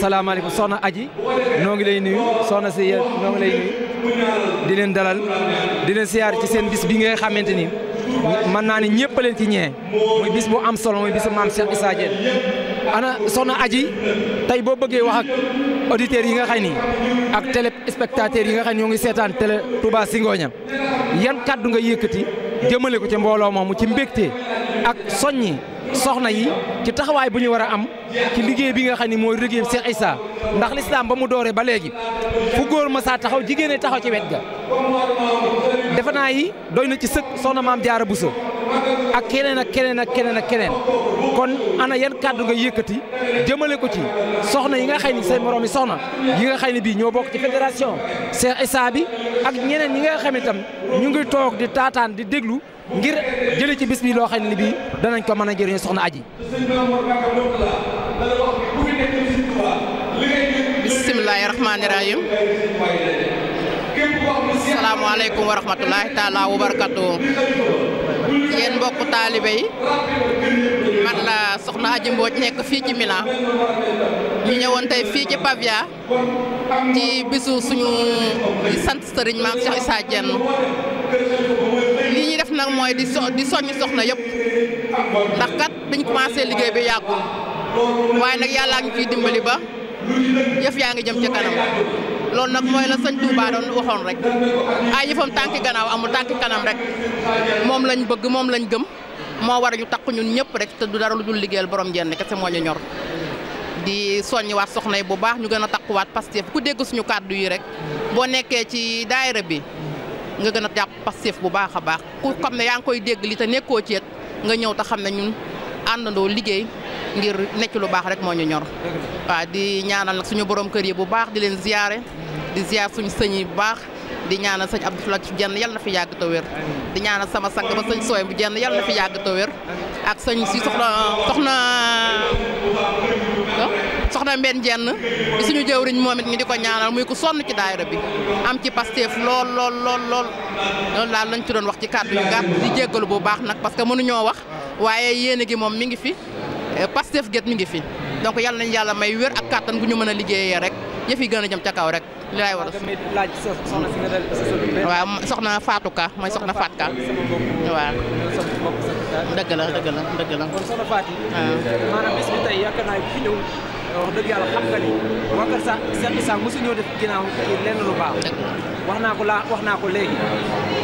salaamaaleykum soxna aji noo ngi lay nuyu soxna si noo ngi lay nuyu di leen dalal di leen siyaar ci seen bis bi nga xamante ni mën naa ne ñëpp leen ci ñee muy bis bu am solo muy bisu maam Cheikh Issa Diène ana soxna aji tey boo bëggee wax ak auditeurs yi nga xam ni ak téléspectateurs yi nga xam ñoo ngi seetaan télé Touba Zingonia yan kàddu nga yëkkati jëmale ko ci mbooloo moomu ci mbégte ak soññi soxna yi ci taxawaay bu ñu war a am ci liggéey bi nga xam ne mooy liggéey ay saa ndax lislaam ba mu dooree ba léegi fu góor ma saa taxaw jigéene taxaw ci wet ga defe naa yi doy na ci sëkk soxna maam jaara Buso ak keneen ak keneen ak keneen ak keneen kon ana yan kàddu nga yëkkati jëmale ko ci soxna yi nga xay ni say moroom yi soxna yi nga xay ni bii ñoo bokk ci fédération Cheikh Issa bi ak ñeneen yi nga xam itam ñu ngi toog di taataan di déglu ngir jële ci bis bi loo xam ne bii danañ ko mën a jëriñoo soxna aji bismillaahi rahmaani rahiim salaamaaleykum wa rahmatulaahi yéen mbokku taalibe yi man la soxna Aji Mbooj nekk fii ci Milan ñu ñëwoon tey fii ci Pavia ci bisu suñu di sant sëriñ maam Cheikh Issa Diène lii ñuy def nag mooy di so di soññ soxna yëpp ndax kat biñ commencé liggéey bi yàggul waaye nag yàllaa ngi ciy dimbali ba yëf yaa ngi jëm ca kanam loolu nag mooy la sëñ Touba doon waxoon rek ay yëfam tànki gannaaw amul tànki kanam rek moom lañ bëgg moom lañ gëm moo war a ñu takku ñun ñëpp rek te du dara lu dul liggéeyal borom njëriñ kese moo ñu ñor. di soññiwaat soxna yi bu baax ñu gën a takkuwaat Pastef ku dégg suñu kàddu yi rek boo nekkee ci daayira bi nga gën a jàpp Pastef bu baax a baax ku xam ne yaa ngi koy dégg li te nekkoo ceet nga ñëw te xam ne ñun àndandoo liggéey. ngir nekk lu baax rek moo ñu ñor. waaw di ñaanal nag suñu boroom kër yi bu baax di leen ziyaare di ziyaar suñu sëñ yi bu baax. di ñaanal sëñ Abdou Latif Dieng yal na fi yàgg te wér di ñaanal sama sang ba sëñ bu Dieng yal na fi yàgg te ak sëñ si soxna soxna ah, soxna Mbène Dieng di suñu jëwriñ moom it ñu di ko ñaanal muy ko sonn ci daayira bi am ci pasteef lool lool lool lool loolu daal lañ ci doon wax ci kàddu yu gàtt di jéggalu bu baax nag parce que mënuñoo wax waaye yéene gi moom mi ngi fi Eh, Pastef get mi ngi fi donc yàlla nañu yàlla may wér ak kàttan bu ñu mën a liggéeyee rek yëf yi gën a jëm ca kaw rek. li laay war a laaj soxna si Ka mooy soxna Fatou Ka. waaw. dëgg la dëgg la dëgg la. wax dëgg yàlla xam nga ni waa kër sa Cheikh Issa mosu ñoo def ginnaaw kii lenn lu baax wax naa ko laa wax naa ko léegi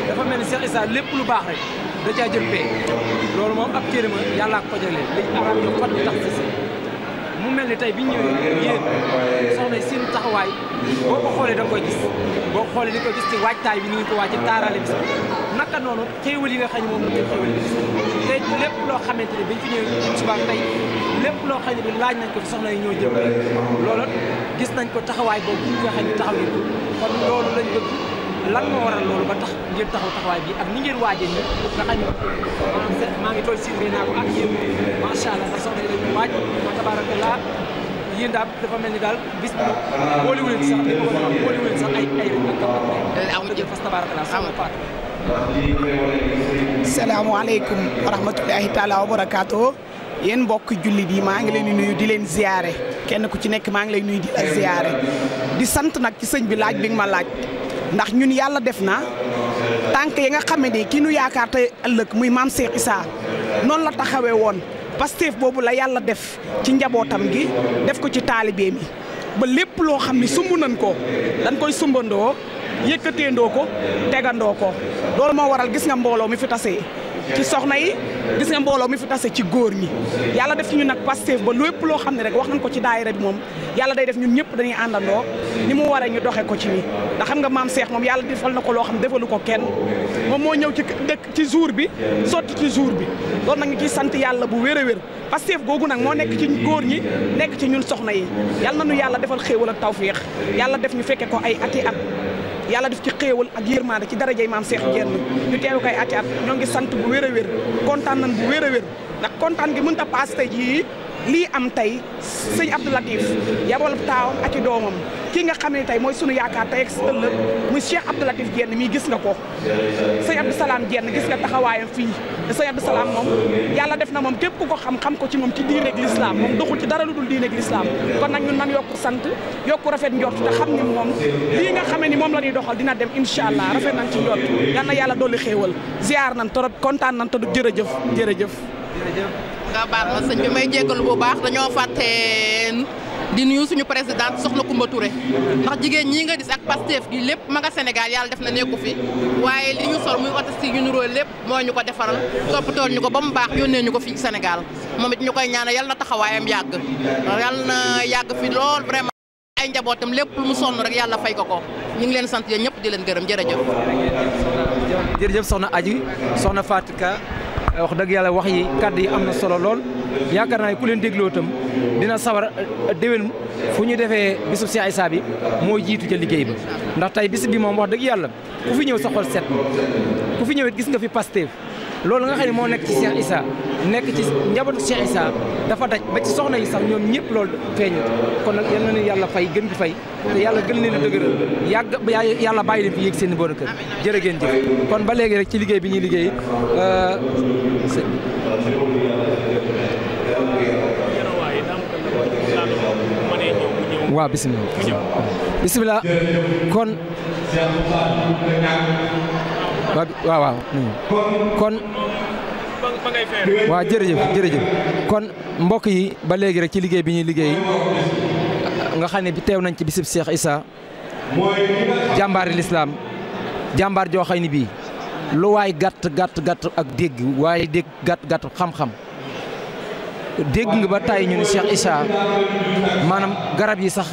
dafa mel ni Cheikh Issa lépp lu baax rek da caa jël pee loolu moom ab cërima yàllaa ko ko jagleel li arab ñu xot tax si mu mel ni tey bi ñu yéen soxna yi seen taxawaay boo ko xoolee da nga koy gis boo ko xoolee di ko gis ci waajtaay bi ni ngi ko waaj ci bi sax naka noonu xéewal yi nga xam ne moom lañ xéewal bis te lépp loo xamante ne biñ fi ñëwee subaak tey lépp loo xam ne bi laaj nañ ko fi soxna yi ñoo jëm loolu gis nañ ko taxawaay boobu ñi nga xam ne taxaw ko kon loolu lañ bëgg lan moo waral loolu ba tax ngeen taxaw taxawaay bi ak ni ngeen waajee nii nga xam ne maa ngi tooy Sylvain naa ko ak yéen macha allah ndax soxna yi dañuy waaj wa tabarakallah yéen daal dafa mel ni daal bis bi boolewul leen sax dañu ko war a boolewul leen sax ay ay rëdd ak am na jël fas tabarakallah sama faat. salaamaaleykum wa rahmatulahi taala wa barakaatu yéen mbokk jullit yi maa ngi leen di nuyu di leen ziare kenn ku ci nekk maa ngi lay nuyu di la ziare di sant nag ci sëñ bi laaj bi nga ma laaj. ndax ñun yàlla def na tànk yi nga xam ne ki nu yaakaar te ëllëg muy maam Cheikh Issa noonu la taxawee woon Pastef boobu la yàlla def ci njabootam gi def ko ci taalibe mi ba lépp loo xam ne sumb nañ ko dañ koy sumbandoo yëkkateendoo ko tegandoo ko loolu moo waral gis nga mbooloo mi fi tasee. ci soxna yi gis nga mbooloo mi fi tase ci góor ñi yàlla def ci ñu nag Pastef ba lépp loo xam ne rek wax nañ ko ci daayira bi moom yàlla day def ñun ñëpp dañuy àndandoo ni mu waree ñu doxee ko ci nii ndax xam nga maam Cheikh moom yàlla defal na ko loo xam defalu ko kenn moom moo ñëw ci dëkk ci jour bi sotti ci jour bi loolu nag ñu ciy sant yàlla bu wér a wér Pastef googu nag moo nekk ci góor ñi nekk ci ñun soxna yi yàlla nañu yàlla defal xéewal ak tawféex yàlla def ñu fekke ko ay ati at yàlla def ci xéewal ak yërmande ci darajey maam geen Diène ñu teew koy ati at ñoo ngi sant bu wér a wér kontaan nañ bu wér a wér ndax kontaan gi mënta paas tey jii lii am tey sëñ Abdou Latif yabal taawam ak i doomam kii nga xam ne tey mooy sunu yaakaar te ak ëllëg muy Cheikh Abdou Latif Diène mii gis nga ko sëñ Abdou Salaam Diène gis nga taxawaayam fii sëñ Abdou Salaam moom yàlla def na moom képp ku ko xam xam ko ci moom ci diine ak lislaam moom doxul ci dara lu dul diine ak lislaam kon nag ñun nan yokk sant yokk rafet njort te xam ni moom lii nga xamee ni moom la doxal dina dem incha allah rafet nañ ci njort yal na yàlla dolli xéewal ziar nañ torop kontaan nañ te du jërëjëf jërëjëf nga baal ma sëñ bi may jéggalu bu baax dañoo fàtte di nuyu suñu présidente soxna Kumba Touré ndax jigéen ñii nga gis ak Pastef gi lépp ma nga Sénégal yàlla def na nekku fi waaye li ñu sol muy artiste yi nuroo lépp moo ñu ko defaral tool ñu ko ba mu baax yónnee ñu ko fii Sénégal moom it ñu koy ñaana yàlla na taxawaayam yàgg yàlla na yàgg fi lool vraiment ay njabootam lépp mu sonn rek yàlla fay ko ko ñu ngi leen sant yéen ñëpp di leen gërëm jërëjëf wax dëgg yàlla wax yi kàddu yi am na solo lool yaakaar naa ne ku leen dégloo tam dina sawar déwén fu ñu defee bisu Cheikh Issa bi moo jiitu ca liggéey ba ndax tey bis bi moom wax dëgg yàlla ku fi ñëw sa xol set ku fi ñëwit gis nga fi Pastef loolu nga xam ne moo nekk ci Cheikh Issa nekk ci njabootu Cheikh Issa dafa daj ba ci soxna yi sax ñoom ñëpp loolu feeñu kon nag yal na yàlla fay gën di fay te yàlla gën leen a dëgëral yàgg yàlla bàyyi leen fi yéeg seen i borom kër jërë ngeen jëf kon ba léegi rek ci liggéey bi ñuy liggéey euh, waaw bisimilah bisimilah kon waaw waaw kon waaw jërëjëf jërëjëf kon mbokk yi ba léegi rek ci liggéey bi ñuy liggéey nga xam ne teew nañ ci bisib Cheikh Issa jàmbaari lislaam jàmbaar joo xam ne bii lu waay gàtt gàtt gàtt ak dégg waaye dégg gàtt gàtt xam-xam dégg nga ba tàyyi ñu ne Cheikh Issa maanaam garab yi sax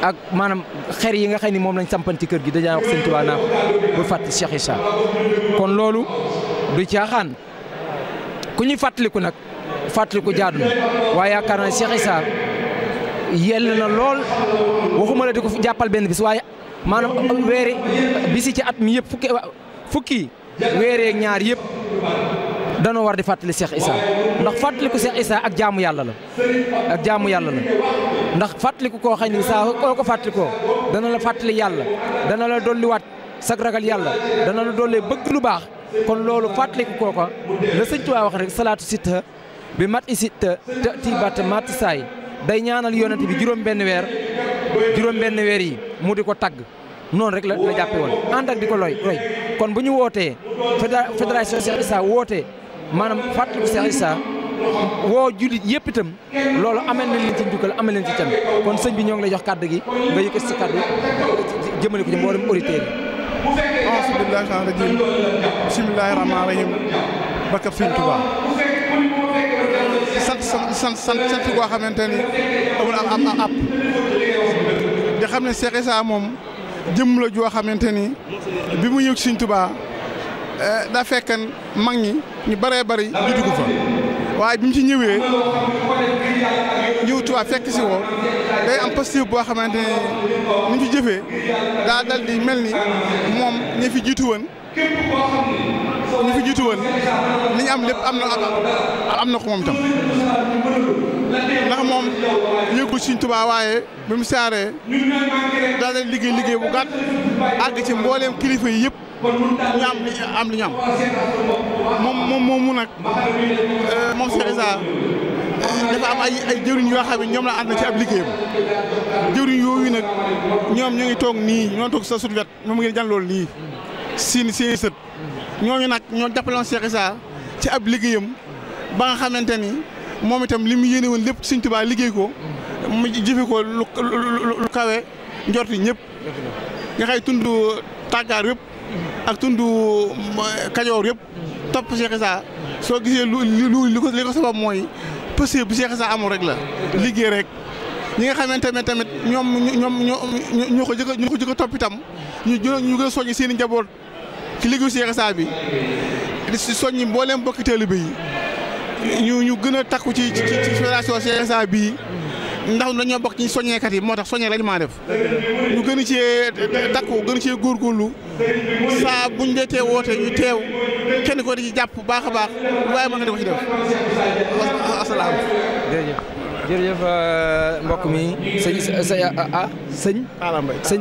ak maanaam xer yi nga xam ni moom lañ sampan ci kër gi dajaa wax sëñ Tuubaa naa ko bu fàttali Cheikh kon loolu du caaxaan ku ñuy fàttaliku nag fàttaliku jaadu na waaye yaakaar naa Cheikh Issa yell na lool waxuma la di ko jàppal benn bis waaye maanaam weeri bisi ci at mi yëpp fukki fukki weeree ñaar yëpp danoo war di fàttali Cheikh Issa ndax fàttaliku Cheikh Issa ak jaamu yàlla la ak jaamu yàlla la ndax fàttaliku koo xam ne saa koo ko fàttalikoo dana la fàttali yàlla dana la dolliwaat sag ragal yàlla dana la dollee bëgg lu baax kon loolu fàttaliku kooka la sëñ Tuubaa wax rek salaatu sitta bi mat i sitta te tiibat mat saay day ñaanal yonent bi juróom benn weer juróom benn weer yi mu di ko tagg noonu rek la la jàppe woon ànd di ko loy kon bu ñu maanaam fàttaliku Cheikh Issa woo jullit yëpp itam loolu amal na leen ci njukkal amal leen ci can kon sëñ bi ñoo ngi lay jox kàddu gi nga yëkkati sa kàddu jëmale ko ci mboolem auditeurs yi. auzu billaahi rahmaani rahiim bismillaahi rahmaani rahiim barkab Sëñ Tuubaa sant sant sant sant koo xamante ni na am am am di xam ne Cheikh Issa moom jëmmula la joo xamante ni bi mu yëg Sëñ Tuubaa Eh, daa fekk mag ñi ñu bëree bëri ñu dugg fa waaye bi mu ci ñëwee ñëw Tuubaa fekk si woo day am positif boo xamante ne ni mu ci jëfee daa di mel ni moom ñi fi jiitu woon ñi fi jiitu am lépp am na am na ko moom tam ndax moom yëgul Sëriñ Tuubaa waaye bi mu saaree daa liggéey liggéey bu gàtt àgg ci mbooleem kilifa yi yëpp. ñu am li am li am moom moom moomu nag euh, moom Sélésar dafa am ay ay jëriñ yoo xam ne ñoom la ànd na ci ab liggéeyam jëriñ yooyu nag ñoom ñu ngi toog nii ñoo toog sa sut wet moom ngeen jàng loolu nii siin seen sët ñooñu nag ñoom jàppaloon Cheikh saa ci ab liggéeyam ba nga xamante ni moom itam li mu yéene woon lépp Sëñ Tuubaa liggéey ko mu jëfe ko lu lu kawe njorti ñëpp nga xay tund tàggaar yëpp ak tundu Kajoor yëpp topp Cheikh saa soo gisee lu lu li ko li ko sabab mooy possible bu Cheikh Issa amul rek la liggéey rek ñi nga xamante ne tamit ñoom ñoom ñoo ko jëkk ñoo ko jëkk topp itam ñu ñu gën a soññ seen i njaboot ci liggéeyu Cheikh Issa bi di soññ mbooleem bokki taalibe yi ñu ñu gën a takku ci ci ci fédération bii ndax dañoo bokk ci soññeekat yi moo tax soññee lañ maa def ñu gën ci takku gën ci góorgóorlu saa buñ deetee woote ñu teew kenn ko di ci baax a baax waaye mën nga di ko def asalaam euh, mbokk mi sëñ sëñ ah, ah sëñ.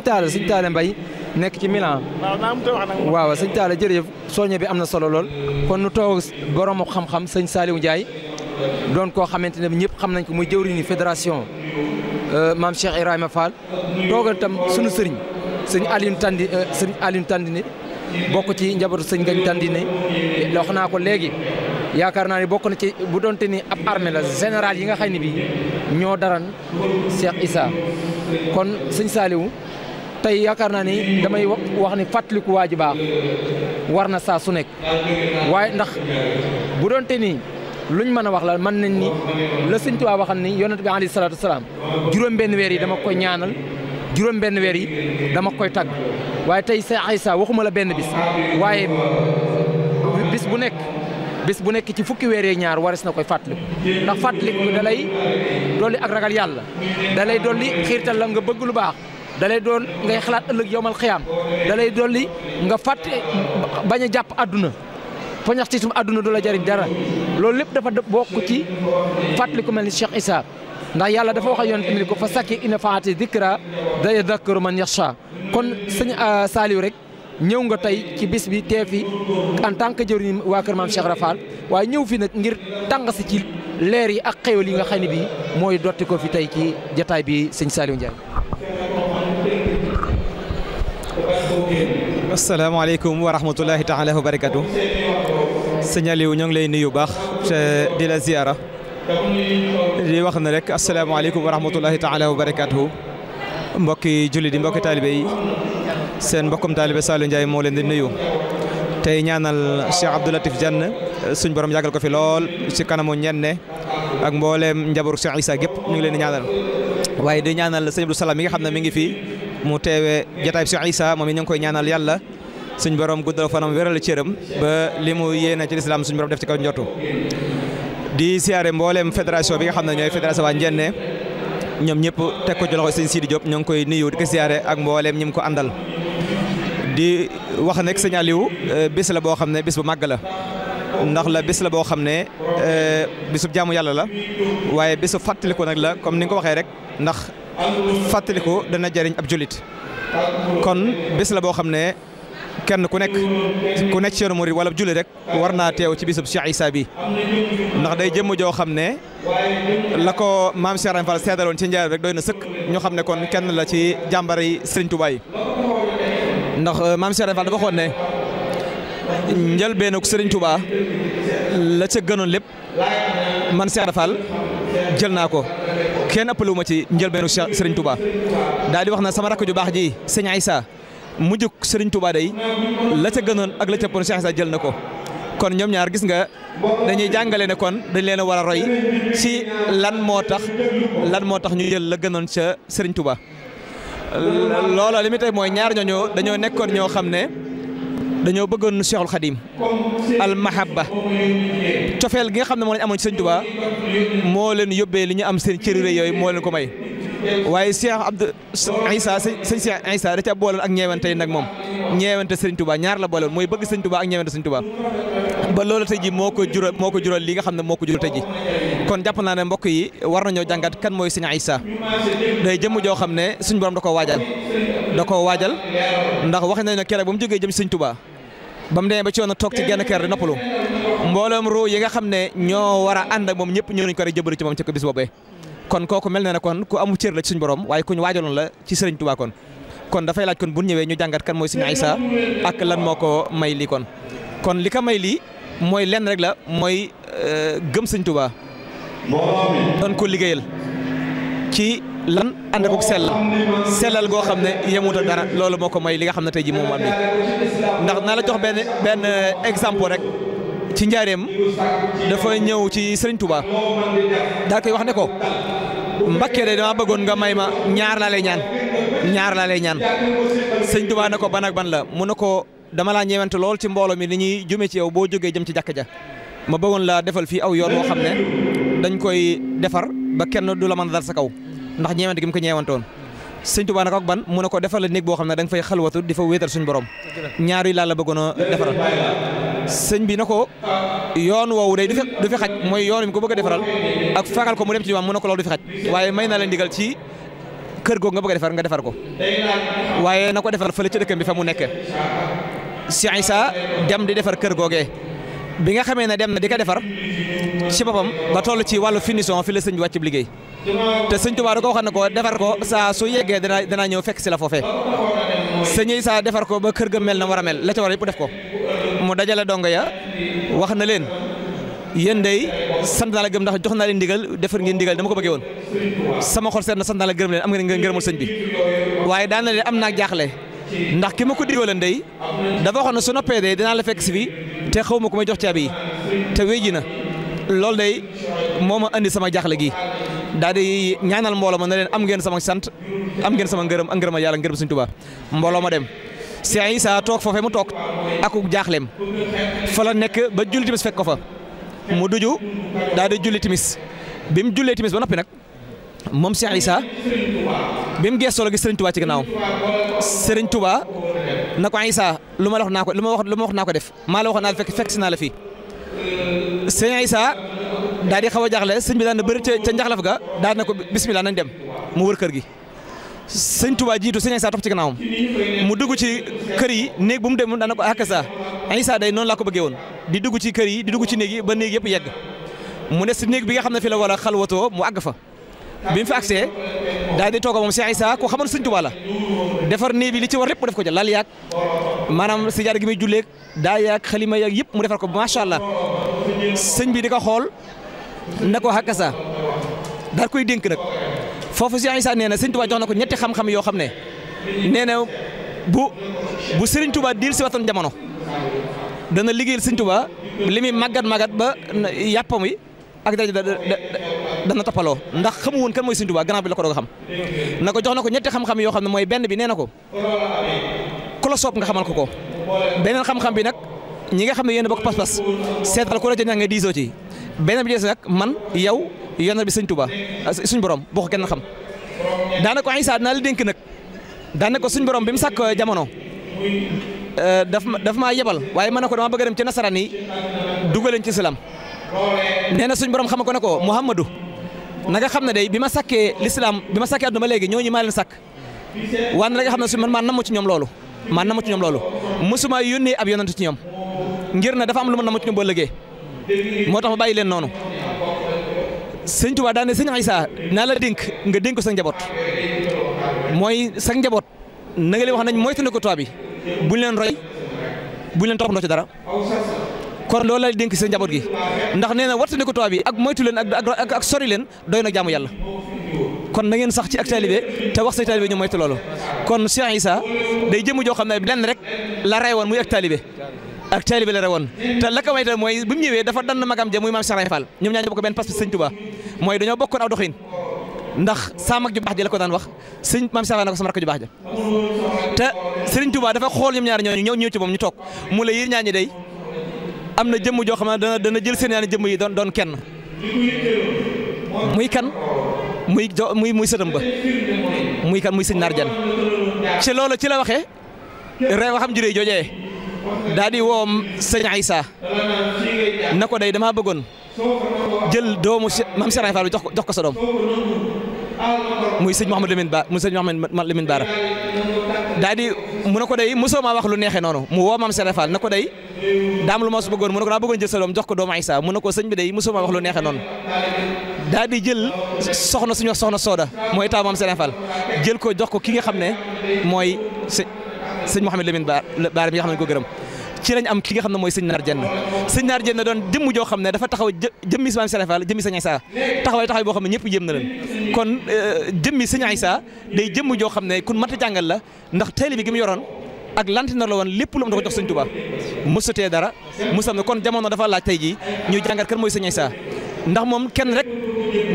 Talla mbay nekk ci Milan. waaw naa am te wax nag. bi am na solo lool kon nu toog borom xam-xam sëñ Saliou jaay doon koo xamante ne ñëpp xam nañ ko muy jëwriñu fédération euh, maam Cheikh Ibrahima Fall toogal tam sunu sëriñ sëñ Alioune euh, sëñ Alioune bokk ci njabootu sëñ Gañ Tandine wax naa ko léegi yaakaar naa ni bokk na ci bu doonte ni ab armée la général yi nga xam ne bii ñoo daran Cheikh Issa kon sëñ Saliou tey yaakaar naa ni damay wax ni fàttaliku waa ji baax war na saa su nekk waaye ndax bu ni. luñ mën a wax la mën nañ ni la sëñ Tuubaa waxam ni yonent bi alayhi salaatu salaam juróom benn weer yi dama koy ñaanal juróom benn weer yi dama koy tagg waaye tey sa Aïssa waxuma la benn bis waaye bis bu nekk bis bu nekk ci fukki weer yi ñaar waris na koy fàttaliku ndax fàttaliku bi da lay dolli ak ragal yàlla da lay dolli xiirtal la nga bëgg lu baax dalay doon ngay xalaat ëllëg yowmal xiyaam dalay lay dolli nga fàtte bañ a jàpp àdduna fañaxtisum àdduna du la jariñ dara loolu lépp dafa bokk ci fàttali ko mel ni Cheikh Issa ndax yàlla dafa wax ak yonent mi ko fa sakki ina faati dikra day dakkaru man yaxsha kon sëñ euh, Saliou rek ñëw nga tey ci bis bi tee fi en tant que jëriñ waa kër maam Cheikh Rafal waaye ñëw fi nag ngir tàng si ci leer yi ak xéwal yi nga xam ne bii mooy dotti ko fi tey ci jataay bi sëñ Saliou Ndiaye. asalaamaaleykum wa rahmatulahi taala wa barakatu sëñ Aliou ñoo ngi lay nuyu baax te di la ziara di wax na rek asalaamaaleykum wa rahmatulahi taala wa barakatu mbokki julli di mbokki taalibe yi seen mbokkum taalibe Saliou Ndiaye moo leen di nuyu tey ñaanal Cheikh Abdou Latif Diène suñ borom yàggal ko fi lool ci kanamu ñenne ak mbooleem njaboru Cheikh Issa gépp ñu ngi leen ñaanal waaye di ñaanal sëñ Abdou mi nga xam ne mi ngi fii mu teewee jotaay bi Cheikh Issa moom it ñu koy ñaanal yàlla suñ borom guddal fanam wéral cëram ba li mu yéene ci lislaam suñ borom def ci kaw njottu di siyaare mbooleem fédération bi nga xam ne ñooy fédération waa Njenne ñoom ñëpp teg ko ci loxo sëñ Sidi Diop ñoo ngi koy nuyu di ko siyaare ak mbooleem ñi mu ko àndal di wax nag sëñ Aliou euh, bis la boo xam ne bis bu màgg la ndax la bis la boo xam ne euh, bisub jaamu yàlla la waaye bisu ko nag la comme ni nga ko waxee rek ndax fàttaliku dana jëriñ ab jullit kon bés la boo xam ne kenn ku nekk ku nekk ci yoonu murid wala julli rek war naa teew ci bisub Cheikh Issa bi ndax day jëmm joo xam ne la ko maam Cheikh Ibrahima Fall ci njaar rek doy na ñu xam kon kenn la ci jàmbar Serigne Touba yi ndax maam Cheikh Ibrahima Fall dafa xoon ne Serigne Touba la ca gënoon lépp man Cheikh Ibrahima jël naa kenn ëppale wu ma ci njëlbeenu Serigne Touba daal di wax na sama rakk ju baax ji sëñ Aïssa mujjug Serigne Touba day la ca gënoon ak la ca ëppoon Cheikh Aïssa jël na ko. kon ñoom ñaar gis nga dañuy jàngale ne kon dañ leen a war a roy ci lan moo tax lan moo tax ñu jël la gënoon ca Serigne Touba loola li muy tey mooy ñaar ñooñu dañoo nekkoon ñoo xam ne. dañoo bëggoon nu Cheikhul Khadim al mahabba cofeel gi nga xamne mo moo lañ amoon ci sëñ Tuubaa moo leen yobbe li ñu am seen ciir rëy yoy mo leen ko may waye Cheikh Abdou Issa seigne Cheikh Issa da ca booloon ak ñewante yi nag moom ñeewante sëñ Tuubaa ñaar la bolal moy bëgg seigne touba ak ñewante seigne touba ba loolu tay ji moko ko jural moo jural li nga xamne moko moo ko jural tey ji kon jàpp naa ne mbokk yi war nañu jàngat kan mooy seigne aïssa day jëm jo xam ne suñ borom da koo waajal da waajal ndax wax nañu kéré bu ba mu joggé jëm seigne sëñ bam ba mu ba ci wona tok toog ci genn kër di noppalu ru yi nga xam ne ñoo war a ànd ak moom ñëpp ñëw ñu ko rek jëbëri ci moom ci ko bis boobee kon kooku mel na ne kon ku amu cër la ci suñ borom waaye kuñu ñu la ci seigne touba kon kon dafay laaj kon bu ñëwee ñu jàngat kan mooy seigne aïssa ak lan moo ko may lii kon kon li ko may lii mooy lenn rek la mooy euh, gëm seigne touba don ko ligeyal ci lan ànd ak sellal sellal goo xam ne dara lolu moko may li nga xamne tay ji mom am ndax na la jox ben ben exemple rek ci da dafa ñew ci Serigne Touba da kay wax ne ko mbacke de dama beggon nga mayma ma ñaar la lay ñaan ñaar la lay ñaan Serigne Touba nako ban ak ban la mu nako dama la ñewante lol ci mbolo mi ni ñi jume ci yow bo joge jëm ci jakka ja ma beggon la defal fi aw yoon xamne dañ koy defar ba kenn du la mën dal sa kaw ndax ñeewante gi mu ko ñeewantoon sëñ Tuubaa nag ak ban mu ne ko defar la néeg boo xam ne danga nga fay xalwatu di fa wéetal suñ borom ñaar yi laa la bëggoon a defaral sëñ bi na ko yoon woowu day du fi du xaj mooy yoon mi ko bëgg defaral ak fegal ko mu dem ci jumaa mu ne ko loolu du fi xaj waaye may naa la ndigal ci kër googu nga bëgg defar nga defar ko waaye na ko defar fële ci dëkkam bi fa mu nekk si Isa dem di defar kër googee bi nga xamee ne dem na di ko defar ci boppam ba toll ci wàllu finition fi la sëñ bi wàccub liggéey te sëñ Tuubaa da ko waxoon ne ko defar ko saa su yeggee dana danaa ñëw fekk si la foofee sëñ yi saa defar ko ba kër ga mel na war a mel la ca war yëpp def ko mu dajale dong ya wax na leen yéen day sant naa la gëm ndax jox naa leen ndigal defar ngeen ndigal dama ko bëggee woon sama xol seet na sant naa la gërëm leen am nga ngeen ngërëmul sëñ bi waaye daan am naa jaaxle ndax ki ma ko digaloon day dafa waxoon ne su noppee day dinaa la fekk si fii te xaw ma ku may jox caabi yi te wéji na loolu day moo ma indi sama jaaxle gi daal di ñaanal mbooloo ma ne leen am ngeen sama sant am ngeen sama ngërëm ak ngërëm yàlla ngërëm Sëñ Tuubaa mbooloo ma dem Cheikh Issa toog foofee mu toog ak jaaxleem fa la nekk ba julli timis fekk ko fa mu duju daal di julli timis bi mu jullee timis ba noppi nag moom Cheikh Issa bi mu gëstoo gi gis Serigne Touba ci gannaawam Serigne Touba na ko Issa lu ma la wax naa ko lu ma wax lu ma wax naa def maa la naa la fekk si naa la fii Serigne Issa daal di xaw a jaaxle sëñ bi daan na bëri ca ca njaxlaf ga daal na ko bismillah nañ dem mu wër kër gi. Serigne Touba jiitu Serigne Issa topp ci gannaawam mu dugg ci kër yi néeg bu mu dem daan na ko ah, ak Issa Issa day noon la ko bëggee woon di dugg ci kër yi di dugg ci néeg yi ba néeg yëpp yegg mu ne si néeg bi nga xam ne fi la war a xalwatoo mu àgg fa. bi mu fi agsee daal di toog moom Cheikh Issa ku xamoon Sëñ Tuubaa la defar néeg bi li ci war lépp mu def ko ca lal yaag maanaam si jaar gi muy julleeg daa yak xalima yaag yëpp mu defar ko macha allah sëñ bi di ko xool na ko xàkk sa daal koy dénk nag foofu Cheikh Issa nee na Sëñ Tuubaa jox na ko ñetti xam-xam yoo xam ne nee na bu bu Sëriñ Tuubaa diir si waxtaan jamono dana liggéeyal Sëñ Tuubaa li muy màggat màggat ba yàppam yi ak dara dana topalo ndax xamu woon kan moy seigne touba grand bi lako ko xam nako jox nako ñetti xam-xam yo xamne moy benn bi nenako ko la nga xamal ko ko benen xam-xam bi nak ñi nga xamne bokk pas-pas seetal la jëna nga diisoo ci benen bi des nak man yow yonal bi seigne touba ah, suñu borom boo ko kenn xam danako Isaa na la dénk nag daanaka suñu borom bi mu uh, jamono daf uh, daf ma yebal waye manako dama bëgg dem ci nasaraan yi ci islam suñu borom xamako nako Muhammadu na xam ne dey bi ma sakkee lislaam bi ma sakkee adduna ba léegi ñooñu maa leen sakk waaye na nga xam ne su man maa namu ci ñoom loolu maa namu ci ñoom loolu mosuma yónnee ab yonent ci ñoom ngir ne dafa am lu ma namu ci ñoom boo lëgee moo tax ma bàyyi leen noonu sëñ waa daane sëñ saa naa la dénk nga dénk ko sa njaboot mooy sa njaboot na nga wax nañ mooy tënd ko tubaab bi buñ leen roy buñ leen toppandoo ci dara kon loolu lay dénk seen njaboot gi ndax nee na wartandi ko tubaab yi ak moytu leen ak sori leen doy na jaamu yàlla kon na sax ci ak taalibe te wax say taalibe ñu moytu loolu kon Cheikh Issa day jëm joo xam ne lenn rek la rey woon muy ak taalibe ak taalibe la rey woon te la ko may tam mooy bi ñëwee dafa dann magam ja muy maam Cheikh Fall ñoom ñaar ñoo bokk benn pas-pas sëñ Tuubaa mooy dañoo bokkoon aw doxin ndax sa mag ju baax ji ko daan wax sëñ maam Cheikh Fall na xool ñoom ñaar ñooñu ñëw ñëw ci moom ñu toog mu la yéen am na jëmm joo xam ne dana dana jël seen yaani jëmm yi doon doon kenn muy kan muy jo muy muy sëtam ba muy kan muy sëñ naar ci loolu ci la waxe ree waxam juree joojee daa di woo sëñ Aïssa na ko day dama bëggoon jël doomu maam Serigne Fall jox ko jox doom muy sëñ Mouhamadou Lamine Ba muy sëñ Mouhamadou Lamine Bara daal di mu ne ko day mosoo maa wax lu neexee noonu mu woo maam Serap Fall ne day daam lu ma su bëggoon mu ne ko daa bëggoon jox ko doomu Aïssa mu ne bi day mosoo wax lu neexee noonu daal di soxna suñu soxna Soda mooy taw maam Serap Fall jël ko jox ko ki nga xam ne mooy sëñ Mouhamadou Lamine Bara mi nga xam ko gërëm ci lañ am ki nga xam ne mooy sëñ naar jenn sëñ naar jenn doon jëmm joo xam ne dafa taxaw jëmmi maam Sëriñ Fall jëmmi sëñ Aïssa taxawaay taxawaay boo xam ne ñëpp jëm na leen kon euh, jëmmi sëñ Aïssa day jëmm joo xam ne kun mat jàngal la ndax teel bi gi mu yoroon ak lantinor la woon lépp lu am da ko jox sëñ Touba mësatee dara mësam ne kon jamono dafa laaj tey jii ñuy jàngat kan mooy sëñ Issa ndax moom kenn rek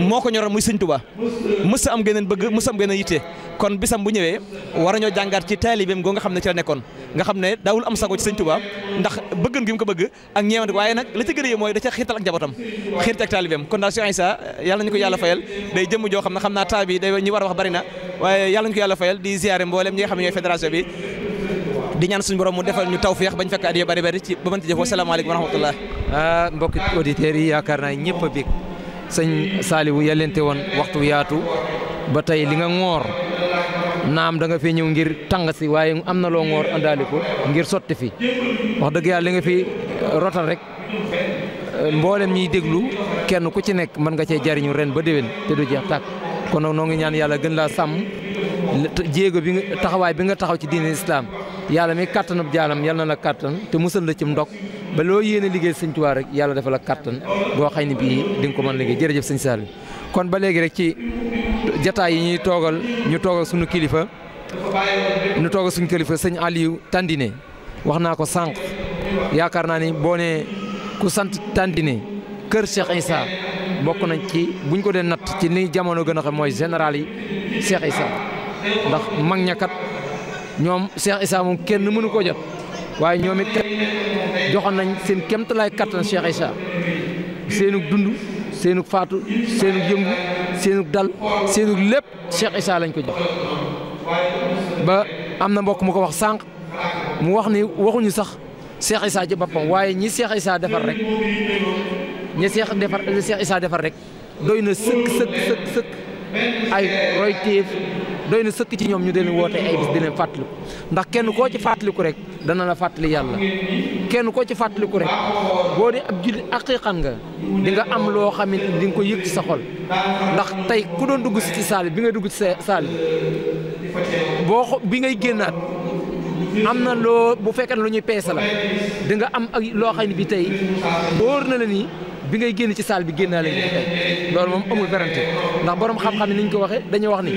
moo ko ñoroon muy sëñ Touba mësa am geneen bëgg mësa am geneen yitte kon bisam bu ñëwee war a ñoo jàngat ci taalibeem goo nga xam ne ci la nekkoon nga xam ne daawul am sago ci sëñ Touba ndax bëggan gi mu ko bëgg ak ñeewante waaye nag la gën a yee mooy da ca xiirtal ak njabootam xiirtal ak taalibeem kon daal sëñ Issa yàlla a wax bari di ñaan suñu borom mu defal ñu tawféex bañ fekk at yu bari bari ci ba mënti jëf wasalaamaaleykum wa rahmatullah ah mbokki auditeurs yi yaakaar naa ñëpp a bég sëñ Saliou yalente woon waxtu yaatu ba tey li nga ŋoor naam danga fi ñëw ngir tàng si waaye am na loo ŋoor àndaale ko ngir sotti fi wax dëgg yàlla li nga fi eh, rotal rek eh, mboolem ñiy déglu kenn ku ci nekk mën nga cee jariñu ren ba déwén te du jeex tàkk kon noo ngi ñaan yàlla gën laa sàmm. jéego bi nga taxawaay bi nga taxaw ci diine islaam yàlla mi kàttanub jaalam yal na la kàttan te musal na ci ndog ba loo yéena liggéey sëñ Tuubaa rek yàlla dafa la kàttan boo xay ne bii dinga nga ko mën liggéey jërëjëf sëñ Saliou kon ba léegi rek ci jataay yi ñuy toogal ñu toogal suñu kilifa ñu toogal suñu kilifa sëñ Aliou Tandine wax naa ko sànq yaakaar naa ni boo nee ku sant Tandine kër Cheikh Issa bokk nañ ci buñ ko dee natt ci ni jamono gën a xam mooy général yi Cheikh Issa ndax mag ña kat ñoom Cheikh Issa moom kenn mënu koo jot waaye ñoom it kat joxoon nañ seen kéemtalaay kattan Cheikh Issa seenug dund seenug faatu seenug yëngu seenug dal seenug lépp Cheikh Issa lañ ko jox ba am na mbokk mu ko wax sànq mu wax ni waxuñu sax Cheikh Issa ci boppam waaye ñi Cheikh Issa defar rek ñi Cheikh defar Cheikh Issa defar rek doy na sëkk sëkk sëkk sëkk ay royteef doy na sëkk ci ñoom ñu deen woote ay bis di leen fàttaliku ndax kenn koo ci fàttaliku rek dana la fàttali yàlla kenn koo ci fàttaliku rek boo di ab jullit aqiqan nga di nga am loo xamante ni di nga ko yëg ci sa xol ndax tey ku doon dugg ci saal bi nga dugg ci saal bi boo xo bi ngay génnaat am na loo bu fekkee ne lu ñuy peese la di nga am ak loo xam bi tey wóor na la nii bi ngay génn ci saal bi génnaale nga loolu moom amul werante ndax boroom xam-xam ni ñu ko waxee dañuy wax ni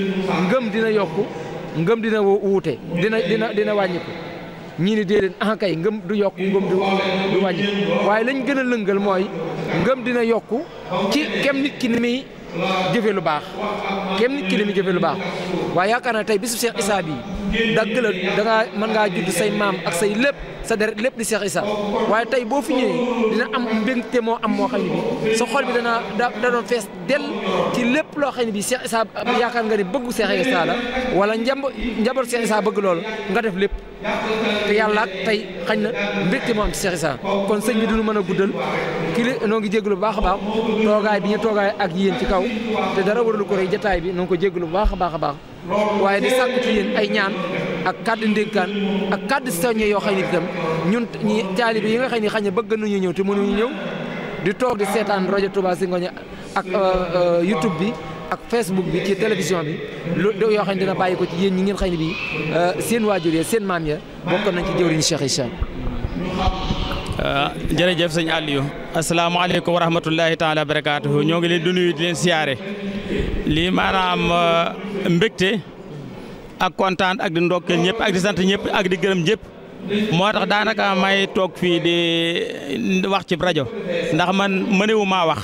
ngëm dina yokk ngëm dina wuute dina dina dina wàññiku ñii ni déedéet ah kay ngëm du yokk ngëm du du wàññiku waaye lañ gën a lëngal mooy ngëm dina yokk ci kem nit ki ni muy jëfe lu baax kem nit ki ni muy jëfe lu baax waaye yaakaar naa tey bisu Cheikh Issa bii dagg la dangaa mën ngaa judd say maam ak say lépp sa deret lépp di Cheikh Issa waaye tey boo fi ñëwee dina am mbégte moo am moo xam ne bi sa bi danaa da doon fees del ci lépp loo xam ne bi Cheikh Issa yaakaar nga ne bëggu Cheikh Issa la wala njab njabar Cheikh Issa bëgg lool nga def lépp te yàlla ak tey xañ na mbégte moo am ci Cheikh Issa kon sëñ bi duñu mën a guddal kii la noo ngi jégalu bu baax baax toogaay bi ñu toogaay ak yéen ci kaw te dara waralu ko rek jataay bi noo ngi ko jégalu bu baax a baax a baax waaye di sàkku ci yéen ay ñaan ak kàddu ndénkaan ak kàddu soññe yoo xam ne itam ñun ñi taalibe yi nga xam ne xañ ne bëgg nañu ñëw te mënuñu ñëw di toog di seetaan rajo Touba si Ngoñe ak euh, euh, YouTube bi ak Facebook bi ci télévision bi lu yoo xam ne dina bàyyi ko ci yéen ñi ngeen xam ne bii euh, seen waajur ya seen maam ya bokkoon nañ ci jëwriñ Cheikh Issa jërëjëf sëñ Aliou asalaamaaleykum wa rahmatullahi taala wa barakaatuhu ñoo ngi leen di nuyu di leen siyaare lii maanaam mbégte ak kontaan ak di ndokkeel ñëpp ak di sant ñëpp ak di gërëm ñëpp moo tax daanaka may toog fii di wax ci rajo ndax man mënewu maa wax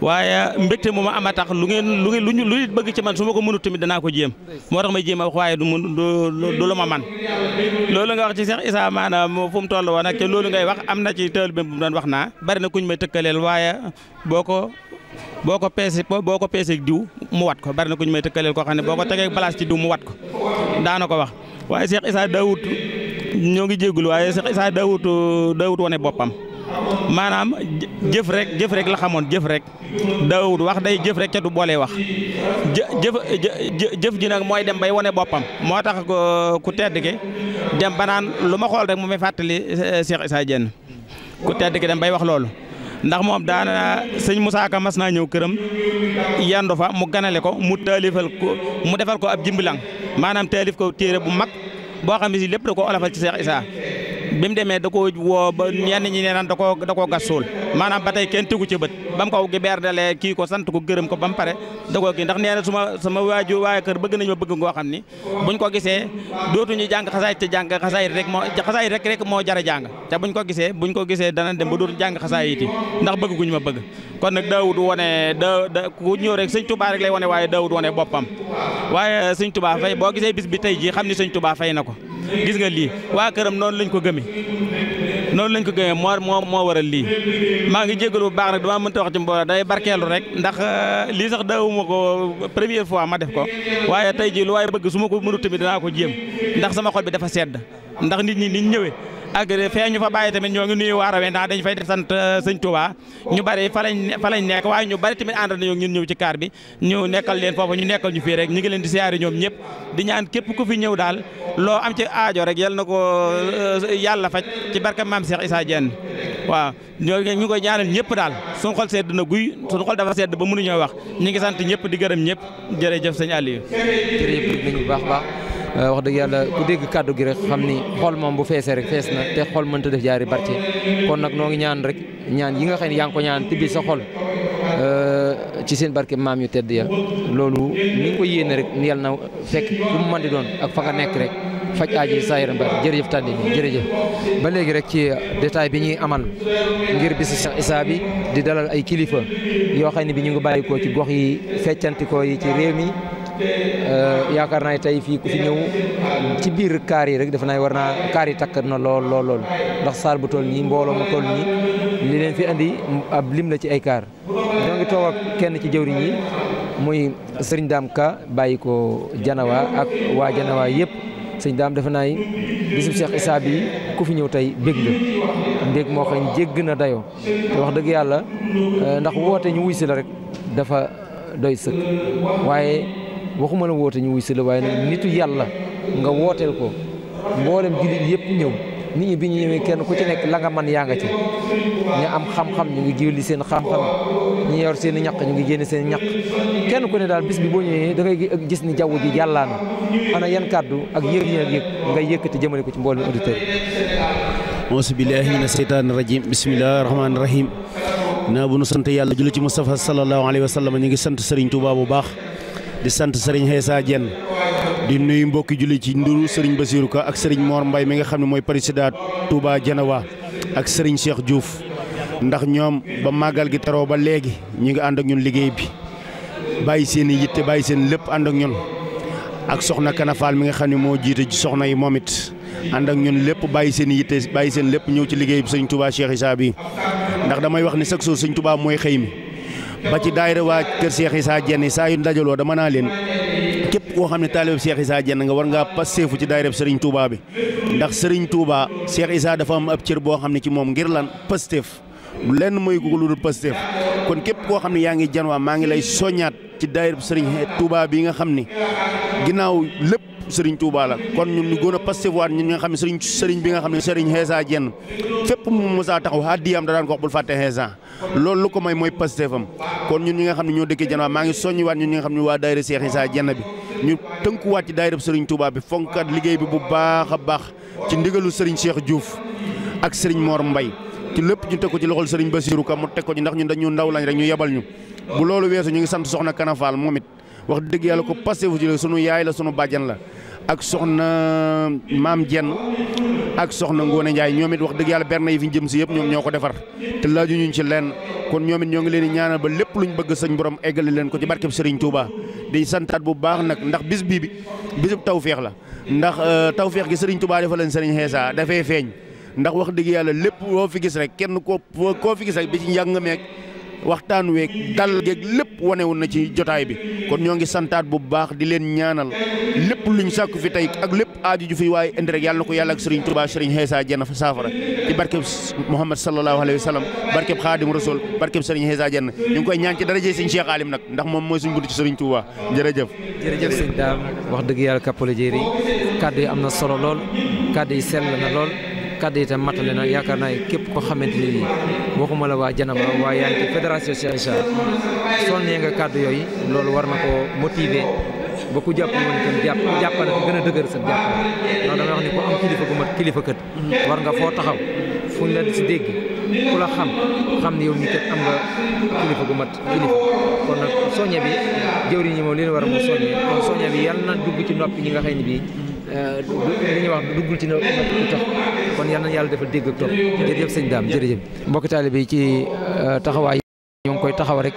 waaye mbégte mu ma am tax lu ngeen lu ngeen lu nit bëgg ci man su ma ko mënut tamit danaa ko jéem moo tax may jéem a wax waaye du mu du lu ma man loolu nga wax ci Cheikh Issa maanaam fu mu toll woon loolu ngay wax am na ci teel bi mu doon wax naa bari na kuñ may tëkkaleel waaye boo boo ko peesee boo ko peesee diw mu wat ko bari na ko ñu may tëkkaleel koo xam ne boo ko tegee place ci diw mu wat ko daana ko wax waaye Cheikh Issa Daoud ñoo ngi jéggul waaye Cheikh Issa Daoud Daoud wane boppam maanaam jëf rek jëf rek la xamoon jëf rek Daoud wax day jëf rek ca du boole wax jëf jëf ji nag mooy dem bay wane boppam moo tax ku tedd ki dem ba naan lu ma xool rek mu may fàttali Cheikh Issa Diène ku tedd ki dem bay wax loolu. ndax mu am daana sëñ Moussa Ka mas naa ñëw këram yando fa mu ganale ko mu taalifal ko mu defal ko ab jimbilang maanaam taalif ko téere bu mag boo xam ne si lépp da ko olofal ci Cheikh Issa bi mu demee da koo woo ba ñenn ñi neena naan da koo da koo gas suul maanaam ba tey kenn tegu ci bët ba ko gi beer dalee kii ko sant ko gërëm ko ba mu pare da koo kii ndax nee na suma sama waaju waaye kër bëgg nañu ma bëgg ngoo xam ni buñ ko gisee dootuñu jàng xasaay te jàng xasaay rek moo xasaay rek rek moo jar a jàng te buñ ko gisee buñ ko gisee dana dem ba dootu jàng xasaay yiti ndax bëgg guñu ma bëgg kon nag daawut wone da ku ñëw rek sëñ Touba rek lay wone waaye daawut wone boppam waaye sëñ Touba fay boo gisee bis bi tey ji xam ni sëñ fay na ko gis nga lii waa këram noonu lañ ko gëmee noonu lañ ko gëmee moo moo moo waral lii maa ngi jégalu bu baax nag damaa mënta wax ci day barkeelu rek ndax euh, lii sax dawuma ko première fois ma def ko waaye tey jii lu waaye bëgg suma ko mënut tamit dinaa ko jéem ndax sama xol bi dafa sedd ndax nit ñi niñ ñëwee ak fee ñu fa bàyyi tamit ñoo ngi nuyu waa Raween ndax dañ fay sant sëñ Touba ñu bari fa lañ fa nekk waaye ñu bari tamit ànd nañoo ñun ñëw ci kaar bi ñu nekkal leen foofu ñu nekkal ñu fii rek ñu ngi leen di siyaari ñoom ñëpp di ñaan képp ku fi ñëw daal loo am ci aajo rek yal na ko yàlla faj ci barka maam Cheikh Issa Diène waaw ñoo ñu ngi koy ñaanal ñëpp daal suñu xol sedd na guy suñu xol dafa sedd ba mënuñoo wax ñu ngi sant ñëpp di gërëm ñëpp jërëjëf sëñ Aliou Euh, wax dëgg yàlla ku dégg kàddu gi rek xam ni xol moom bu feesee rek fees na te xol mënta def jaari barke kon nag noo ngi ñaan rek ñaan yi nga xam ne yaa ngi ko ñaan tibbi sa xol euh, ci seen barke maam yu tedd ya loolu ni nga ko yéene rek yal na fekk fu mu di doon ak fa nga nekk rek faj aaji saayir mbar jërëjëf tànni jërëjëf ba léegi rek ci détail bi ñuy amal ngir bisu sa Issa bi di dalal ay kilifa yoo xam ne bi ñu ngi bàyyi ko ci gox yi feccantikoo yi Euh, yaakaar naa tey fii ku fi ñëw ci biir kaar yi rek defe naa war naa kaari yi takk na lool lool lool ndax saal bu toll nii mbooloo mu toll nii li leen fi andi ab lim la ci ay kaar ñoo ngi toog kenn ci jëwriñ yi muy sëriñ daam ka bàyyi ko janawa ak waa janawa yëpp sëriñ daam defe naay bisub Cheikh Issa ku fi ñëw tey bég la mbég moo xam jégg na dayoo wax dëgg yàlla euh, ndax woote ñu wuy si la rek dafa doy sëkk waaye waxuma la woote ñu wuy si la waaye nag nitu yàlla nga wooteel ko mboolem jullit yëpp ñëw nit ñi bi ñu ñëwee kenn ku ci nekk la nga man yaa nga ci ñu am xam-xam ñu ngi géwli seen xam-xam ñu yor seen i ñaq ñu ngi génne seen ñaq kenn ku ne daal bis bi boo ñëwee da ngay gis ni jaww ji yàllaa na ana yan kàddu ak yëg yi yëg nga te jëmale ko ci mboolem auditeur yi auzu billaahi mina seytaani rajiim bismillaahi rahmaani rahiim naa bu nu sant yàlla julli ci Mustafa sallallahu alayhi wa sallam ñu ngi sant Serigne Touba bu baax di sant Serigne Xeesa Dieng di nuyu mbokki julli ci nduru Serigne Basirou Ka ak sëriñ Mor mbay mi nga xam ne mooy président Touba Janawa ak Serigne Cheikh Diouf ndax ñoom ba màggal gi taroo ba léegi ñu ngi ànd ak ñun liggéey bi bàyyi seen i yitte bàyyi seen lépp ànd ak ñun ak soxna Kanafaal mi nga xam ne moo jiite ci soxna yi moom it ànd ak ñun lépp bàyyi seen i yitte bàyyi seen lépp ñëw ci liggéey bi Serigne Touba Cheikh Issa bi ndax damay wax ni chaque jour Serigne Touba mooy xëy mi ba ci daayira waa kër Cheikh Issa Diène saa yu dajaloo dama naa leen képp koo xam ne taalib Cheikh Issa Diène nga war ngaa passeefu ci daayira Serigne Touba bi ndax Serigne Touba Cheikh Issa dafa am ab cër boo xam ne ci moom ngir lan pasteef lenn mooy ko lu dul pasteef kon képp koo xam ne yaa ngi waa maa ngi lay soññaat ci daayira Serigne Touba bi nga xam ni ginnaaw lépp Serigne Touba la kon ñun ñu gën a pastewaat ñun ñi nga xam ne Serigne bi nga xam ne Serigne Xeesa Jenn fépp mu mosaa taxaw haddiyam da daan ko wax bul fàtte Xeesa loolu lu ko may mooy pastefam kon ñun ñi nga xam ne ñoo dëkkee Janaba maa ngi soññiwaat ñun ñi nga xam ne waa daayira Cheikh Issa Jenn bi ñu tënkuwaat ci daayira Serigne Touba bi fonkat liggéey bi bu baax a baax ci ndigalu Serigne Cheikh Diouf ak sëriñ moor Mbay ci lépp ñu teg ko ci loxol Serigne Bassirou Ka mu teg ko ñu ndax ñun dañu ndaw lañ rek ñu yebal ñu bu loolu weesu ñu ngi sant soxna Kanafaal moom it wax dëgg yàlla ko passé fu jëlee sunu yaay la sunu bàjjan la ak soxna maam jenn ak soxna Ngone Ndiaye ñoom it wax dëgg yàlla berne yi fi ñu jëm si yëpp ñoom ñoo ko defar te laaju ñu ci lenn kon ñoom ñoo ngi leen di ñaanal ba lépp luñ bëgg sëñ borom eggale leen ko ci barkeb Serigne Touba di santaat bu baax nag ndax bis bii bi bisub tawféex la ndax euh, tawféex gi Serigne Touba dafa leen Serigne Xeesa dafay feeñ ndax wax dëgg yàlla lépp loo fi gis rek kenn koo koo fi bi ci njàng meek waxtaan week dal geeg lépp wane wu na ci jotaay bi kon ñoo ngi santaat bu baax di leen ñaanal lépp luñ sàkku fi tey ak lépp aaju fi waaye indi rek yàlla na ko yàlla ak Serigne Touba Serigne Xeesa Jenn fa saafara ci barkeb Muhammad sallallahu alayhi wa sallam barkeb Xaadim Rasul barkeb Serigne Xeesa Jenn ñu koy ñaan ci daraje Serigne Cheikh Alim nag ndax moom mooy suñ bunt ci Serigne Touba jërëjëf. wax dëgg yàlla Kapola Diéry kàddu yi am na solo lool kàddu yi sell na lool. kàddu yi itam matale na yaakaar naa képp ko xamante ne nii waxuma la waa janaba waaye yaa ngi ci fédération Cheikh Issa sonnee nga kàddu yooyu loolu war na motiver ba ku jàpp moom itam jàpp ku jàppale ko gën sa jàpp ndax dama wax ni ku am kilifa gu mat kilifa kët war nga foo taxaw fu ñu la si dégg ku la xam xam ne yow mii kat am nga kilifa gu mat kilifa kon nag soññe bi jëwriñ ñi moom li ñu war a mu kon soññe bi yàlla na dugg ci noppi ñi nga xëy ni Euh, li ñuy wax duggul ci na yàlla defal dégg ak topp jërëjëf sëñ daam ci euh, taxawaay ñoo ngi koy taxaw rek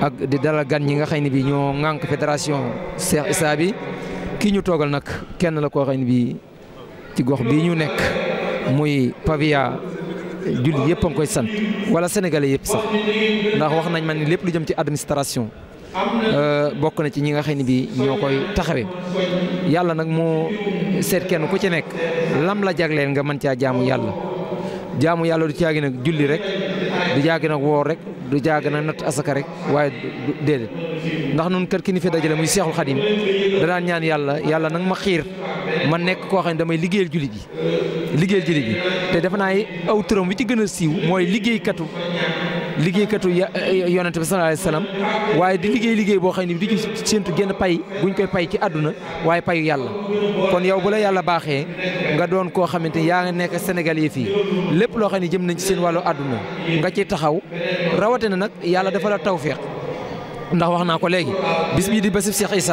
ak di dalal gan ñi nga xay ne bi ñoo ŋànk fédération Cheikh Issa bi kii ñu toogal nag kenn la koo xam ne bi ci gox bii ñu nekk muy Pavia julli yëpp a ngi koy sant wala sénégalais yëpp sax ndax wax nañ ma ne lépp lu jëm ci administration Euh, bokk na ci ñi nga xam ne bii ñoo koy taxawee yàlla nag mu seet kenn ku ci nekk lam la jagleel nga mën caa jaamu yàlla jaamu yàlla du caagi nag julli rek du jaagi nag woor rek du jaagi nag natt asaka rek waaye du déedéet ndax nun kër ki ni fi dajale muy seexul xadim danaan ñaan yàlla yàlla nag ma xiir ma nekk koo xam ne damay liggéeyal jullit yi liggéeyal jullit yi te defe naa aw turam wi ci gën a siiw mooy liggéeykatu liggéeykatu yonente bi sallallahu alayhi waaye di liggéey liggéey boo xam ne di ci séentu génn pay buñ koy pay ci àdduna waaye payu yàlla kon yow bu la yàlla baaxee nga doon koo xamante ni yaa nga nekk senegal yi fii lépp loo xam ne jëm nañ seen wàllu àdduna nga ci taxaw rawatina nag yàlla dafa la tawféex ndax wax naa ko léegi bis bii di bésib Cheikh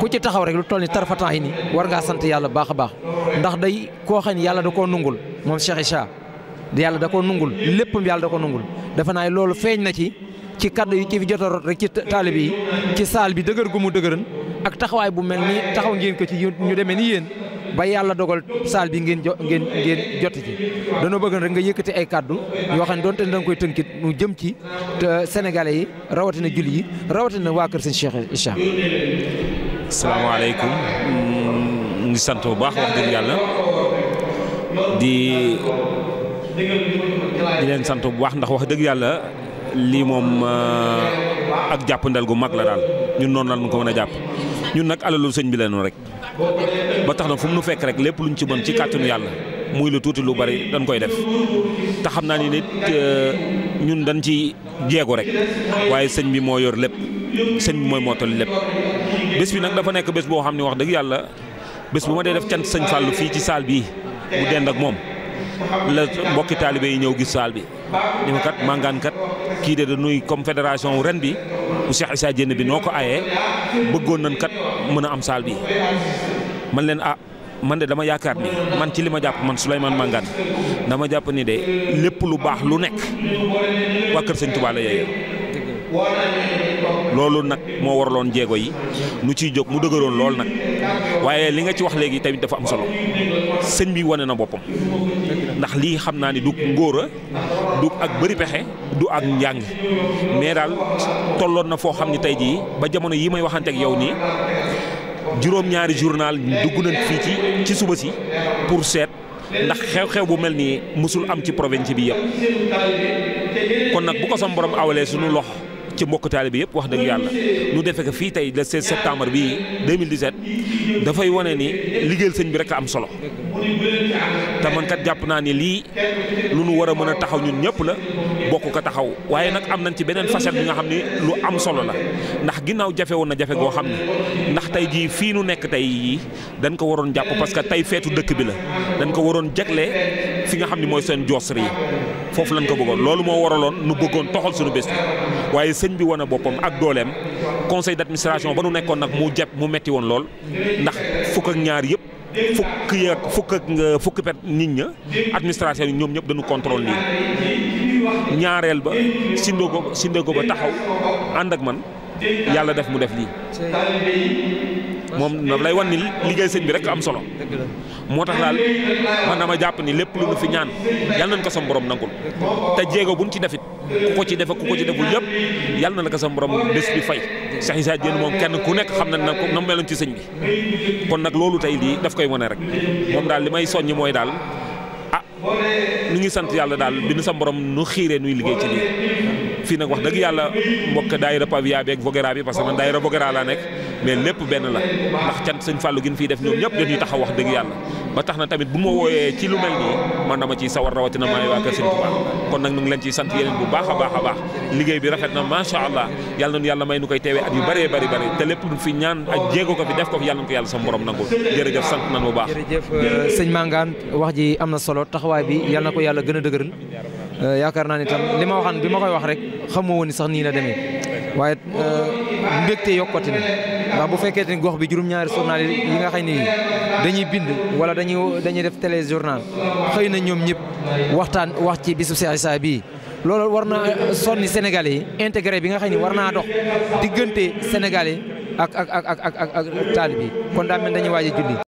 ku ci taxaw rek lu toll ni tarfatan yi ni war ngaa sant yàlla baax a baax ndax day koo xam ne yàlla da koo nungul moom Cheikh yàlla da ko nungul léppam yàlla da ko nungul dafa naa loolu feeñ na ci ci kaddu yi ci fi jot rek ci taalib yi ci saal bi dëgër gu mu dëgëran ak taxawaay bu mel ni taxaw ngeen ko ci ñu demee ni yéen ba yàlla dogal saal bi ngeen jo ngeen ngeen jot ci danoo bëgg rek nga yëkkati ay kàddu yoo xam ne doonte ne danga koy tënkit mu jëm ci te sénégalais yi rawatina julli yi rawatina waa kër sëñ Cheikh Isha. salaamaaleykum mm, ñu ngi sant bu baax wax dëgg yàlla di. di leen sant bu baax ndax wax dëgg yàlla lii moom euh, ak jàpp ndal gu mag la daal ñun noonu la ñu ko mën a jàpp ñun nag alalu sëñ bi leenu rek ba tax na fu mu nu fekk rek lépp lu luñ ci mën ci kàttanu yàlla muy lu tuuti lu bari dañ koy def te xam naa ni nit euh, ñun dañ ci jeego rek waaye sëñ bi moo yor lépp sëñ bi mooy mootali lépp bés bi nag dafa nekk bés boo xam ne wax dëgg yàlla bés bu ma dee def cant sëñ Fallou fii ci saal bii bu dend ak moom la mbokki taalibe yi ñëw gis saal bi ni ma kii de dañuy confédération ren bi bu Cheikh Issa Diène bi noo ko ayee bëggoon nañ kat mën a am saal bi man leen a ah, man de dama yaakaar ni man ci li ma jàpp man Souleymane Mangane dama jàpp ni de lépp lu baax lu nekk waa Kër Sëñ Tuubaa la loolu nag moo waraloon jéego yi nu ciy jóg mu dëgëroon lool nag waaye li nga ci wax léegi tamit dafa am solo sëñ bi wane na boppam ndax lii xam naa ni du ngóora du ak bëri pexe du ak njàng mais daal tolloon na foo xam ne tey jii ba jamono yi may waxante ak yow nii juróom-ñaari journal dugg nañ fii ci ci suba si pour seet ndax xew-xew bu mel ni mësul am ci province bi yow kon nag bu ko sam borom awalee sunu loxo ci mbokk taalibe yëpp wax dëgg yàlla nu defe ko fii tey le 16 septembre bii 2017 dafay wane ni liggéeyal sëñ bi rek am solo te man kat jàpp naa ni lii lu nu war a mën a taxaw ñun ñëpp la bokk ko taxaw waaye nag am nañ ci beneen facette bi nga xam ne lu am solo la ndax ginnaaw jafe woon na jafe goo xam ne ndax tey jii fii nu nekk tey yii dañ ko waroon jàpp parce que tey feetu dëkk bi la dañ ko waroon jagle fi nga xam ne mooy seen joosri yi foofu lañ ko bëggoon loolu moo waraloon nu bëggoon toxal suñu bés bi waaye sëñ bi wane boppam ak dooleem conseil d'administration ba nu nekkoon nag mu jàpp mu metti woon lool ndax fukk ak ñaar yëpp fukk yeeg fukk ak fukki pet nit ña administration yi ñoom ñëpp dañu contrôle nii ñaareel ba sindoo ko ba taxaw ànd ak man yàlla def mu def lii moom daf lay wan ni liggéey sëñ bi rek am solo moo tax daal man ma jàpp ni lépp lu nu fi ñaan yal nañ ko sam borom nangul te jéego buñ ci defit ku ko ci defe ku ko ci deful yëpp yal na la ko sam mborom des bi fay Cheikh Issa Diène moom kenn ku nekk xam na na na meloon ci sëñ bi kon nag loolu tey lii daf koy wane rek moom daal li may soññ mooy daal ah nu ngi sant yàlla daal bi nu sa borom nu xiire nuy liggéey ci lii fii nag wax dëgg yàlla mbokk daayira Pavia beeg nekk mais lepp ben la ndax cant seigne fallu guin fi def ñoom ñëpp ñu taxaw wax deug yalla ba taxna tamit bu ma woyé ci lu mel ni man dama ci sawar rawatina maay waa kër seigne touba kon nak ñu ngi leen ci sante yeneen bu baaxa baaxa baax liggey bi rafet na sha allah yalla ñu yalla may ñukay téwé teewee at yu bari bari bari té lepp lu fi ñaan ak jéego ko fi def ko fi yàlla nañu ko yalla sama borom nangul jërëjëf sante nan bu baax jërëjëf euh, sëñ Mangane wax ji amna solo taxaway bi yalla ko euh, ni tam lima waxan bima koy wax rek xamoo ni sax ni la demee waye euh, mbégte yokoti ni ndax bu fekkee ni gox bi juróom-ñaari journal yi nga xam ni dañuy bind wala dañu dañuy def télé journal xëy na ñoom ñëpp waxtaan wax ci bisu Cheikh Issa bii loolu war naa sonni Sénégalais yi intégré bi nga xam ne war naa dox diggante Sénégalais ak ak ak ak ak ak taalibe bi kon daa mel dañuy waaj a